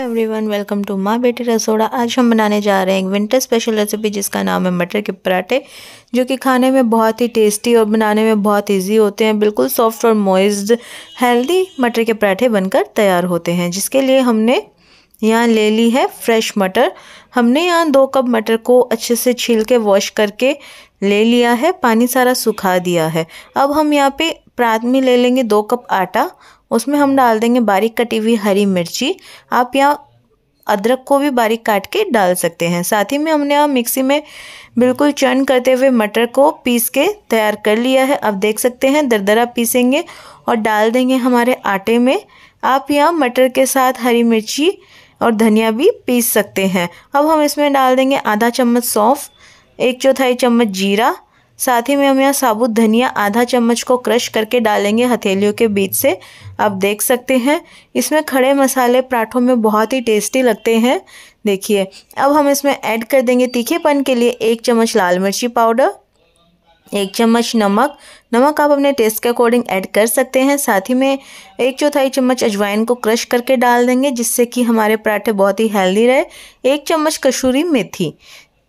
everyone welcome to Maa Beti Rasoda आज हम बनाने जा रहे हैं एक विंटर स्पेशल रेसिपी जिसका नाम है मटर के पराठे जो कि खाने में बहुत ही टेस्टी और बनाने में बहुत इजी होते हैं बिल्कुल सॉफ्ट और मॉइस्ड हेल्दी मटर के पराठे बनकर तैयार होते हैं जिसके लिए हमने यहाँ ले ली है फ्रेश मटर हमने यहाँ दो कप मटर को अच्छे से छील के वॉश करके ले लिया है पानी सारा सुखा दिया है अब हम यहाँ पे प्रात में ले लेंगे दो कप आटा उसमें हम डाल देंगे बारीक कटी हुई हरी मिर्ची आप यहाँ अदरक को भी बारीक काट के डाल सकते हैं साथ ही में हमने यहाँ मिक्सी में बिल्कुल चर्न करते हुए मटर को पीस के तैयार कर लिया है अब देख सकते हैं दरदरा पीसेंगे और डाल देंगे हमारे आटे में आप यहाँ मटर के साथ हरी मिर्ची और धनिया भी पीस सकते हैं अब हम इसमें डाल देंगे आधा चम्मच सौंफ एक चौथाई चम्मच जीरा साथ ही में हम यहाँ साबुत धनिया आधा चम्मच को क्रश करके डालेंगे हथेलियों के बीच से आप देख सकते हैं इसमें खड़े मसाले पराठों में बहुत ही टेस्टी लगते हैं देखिए अब हम इसमें ऐड कर देंगे तीखेपन के लिए एक चम्मच लाल मिर्ची पाउडर एक चम्मच नमक नमक आप अपने टेस्ट के अकॉर्डिंग ऐड कर सकते हैं साथ ही में एक चौथाई चम्मच अजवाइन को क्रश करके डाल देंगे जिससे कि हमारे पराठे बहुत ही हेल्दी रहे एक चम्मच कसूरी मेथी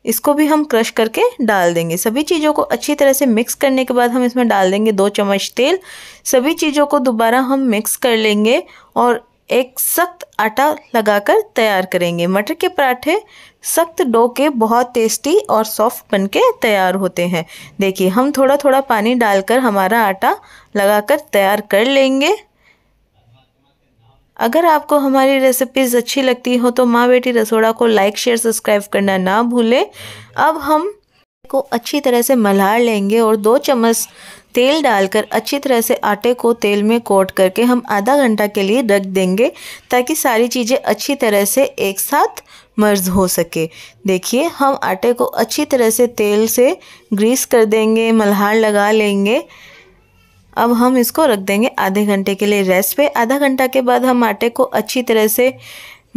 इसको भी हम क्रश करके डाल देंगे सभी चीज़ों को अच्छी तरह से मिक्स करने के बाद हम इसमें डाल देंगे दो चम्मच तेल सभी चीज़ों को दोबारा हम मिक्स कर लेंगे और एक सख्त आटा लगाकर तैयार करेंगे मटर के पराठे सख्त डो के बहुत टेस्टी और सॉफ्ट बन के तैयार होते हैं देखिए हम थोड़ा थोड़ा पानी डालकर हमारा आटा लगाकर तैयार कर लेंगे अगर आपको हमारी रेसिपीज़ अच्छी लगती हो तो माँ बेटी रसोड़ा को लाइक शेयर सब्सक्राइब करना ना भूलें अब हम को अच्छी तरह से मलार लेंगे और दो चम्मच तेल डालकर अच्छी तरह से आटे को तेल में कोट करके हम आधा घंटा के लिए रख देंगे ताकि सारी चीज़ें अच्छी तरह से एक साथ मर्ज हो सके देखिए हम आटे को अच्छी तरह से तेल से ग्रीस कर देंगे मल्हार लगा लेंगे अब हम इसको रख देंगे आधे घंटे के लिए रेस्ट पे आधा घंटा के बाद हम आटे को अच्छी तरह से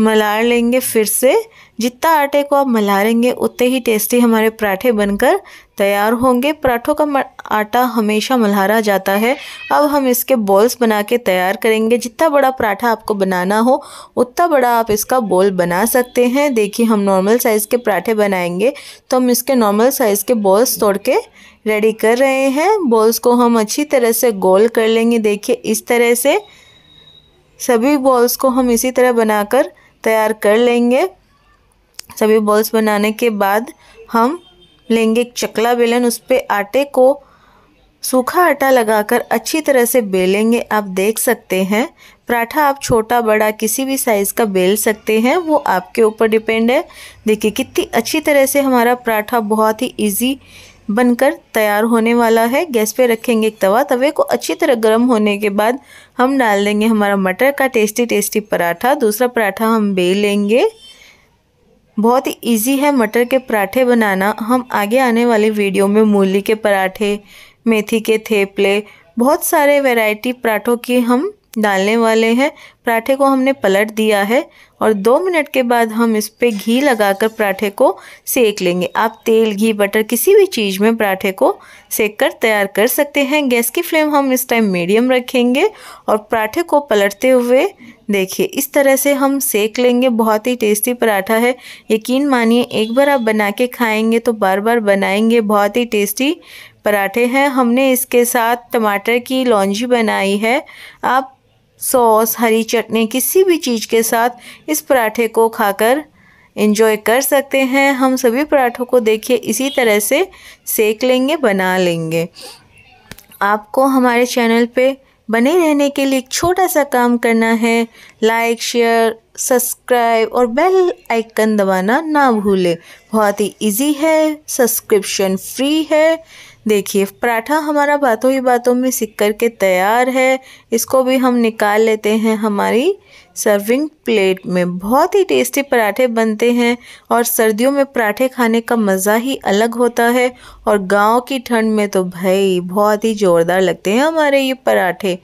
मलार लेंगे फिर से जितना आटे को आप मलारेंगे उतने ही टेस्टी हमारे पराठे बनकर तैयार होंगे पराठों का आटा हमेशा मल्हारा जाता है अब हम इसके बॉल्स बना के तैयार करेंगे जितना बड़ा पराठा आपको बनाना हो उतना बड़ा आप इसका बॉल बना सकते हैं देखिए हम नॉर्मल साइज़ के पराठे बनाएंगे तो हम इसके नॉर्मल साइज़ के बॉल्स तोड़ के रेडी कर रहे हैं बॉल्स को हम अच्छी तरह से गोल कर लेंगे देखिए इस तरह से सभी बॉल्स को हम इसी तरह बनाकर तैयार कर लेंगे सभी बॉल्स बनाने के बाद हम लेंगे एक चकला बेलन उस पर आटे को सूखा आटा लगाकर अच्छी तरह से बेलेंगे आप देख सकते हैं पराठा आप छोटा बड़ा किसी भी साइज़ का बेल सकते हैं वो आपके ऊपर डिपेंड है देखिए कितनी अच्छी तरह से हमारा पराठा बहुत ही इजी बनकर तैयार होने वाला है गैस पे रखेंगे एक तवा तवे को अच्छी तरह गर्म होने के बाद हम डाल देंगे हमारा मटर का टेस्टी टेस्टी पराठा दूसरा पराठा हम बेल लेंगे बहुत ही ईजी है मटर के पराठे बनाना हम आगे आने वाले वीडियो में मूली के पराठे मेथी के थेपले बहुत सारे वैरायटी पराठों की हम डालने वाले हैं पराठे को हमने पलट दिया है और दो मिनट के बाद हम इस पर घी लगाकर पराठे को सेक लेंगे आप तेल घी बटर किसी भी चीज़ में पराठे को सेक कर तैयार कर सकते हैं गैस की फ्लेम हम इस टाइम मीडियम रखेंगे और पराठे को पलटते हुए देखिए इस तरह से हम सेक लेंगे बहुत ही टेस्टी पराठा है यकीन मानिए एक बार आप बना के खाएँगे तो बार बार बनाएंगे बहुत ही टेस्टी पराठे हैं हमने इसके साथ टमाटर की लौंजी बनाई है आप सॉस हरी चटनी किसी भी चीज़ के साथ इस पराठे को खाकर एंजॉय कर सकते हैं हम सभी पराठों को देखिए इसी तरह से सेक लेंगे बना लेंगे आपको हमारे चैनल पे बने रहने के लिए एक छोटा सा काम करना है लाइक शेयर सब्सक्राइब और बेल आइकन दबाना ना भूलें बहुत ही इजी है सब्सक्रिप्शन फ्री है देखिए पराठा हमारा बातों ही बातों में सिक कर के तैयार है इसको भी हम निकाल लेते हैं हमारी सर्विंग प्लेट में बहुत ही टेस्टी पराठे बनते हैं और सर्दियों में पराठे खाने का मज़ा ही अलग होता है और गांव की ठंड में तो भाई बहुत ही ज़ोरदार लगते हैं हमारे ये पराठे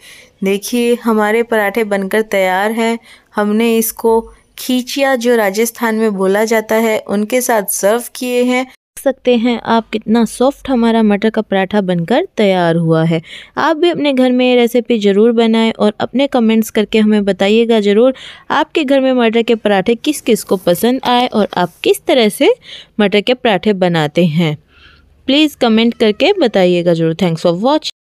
देखिए हमारे पराठे बनकर तैयार हैं हमने इसको खींचिया जो राजस्थान में बोला जाता है उनके साथ सर्व किए हैं सकते हैं आप कितना सॉफ्ट हमारा मटर का पराठा बनकर तैयार हुआ है आप भी अपने घर में ये रेसिपी ज़रूर बनाएं और अपने कमेंट्स करके हमें बताइएगा ज़रूर आपके घर में मटर के पराठे किस किस को पसंद आए और आप किस तरह से मटर के पराठे बनाते हैं प्लीज़ कमेंट करके बताइएगा ज़रूर थैंक्स फॉर वॉच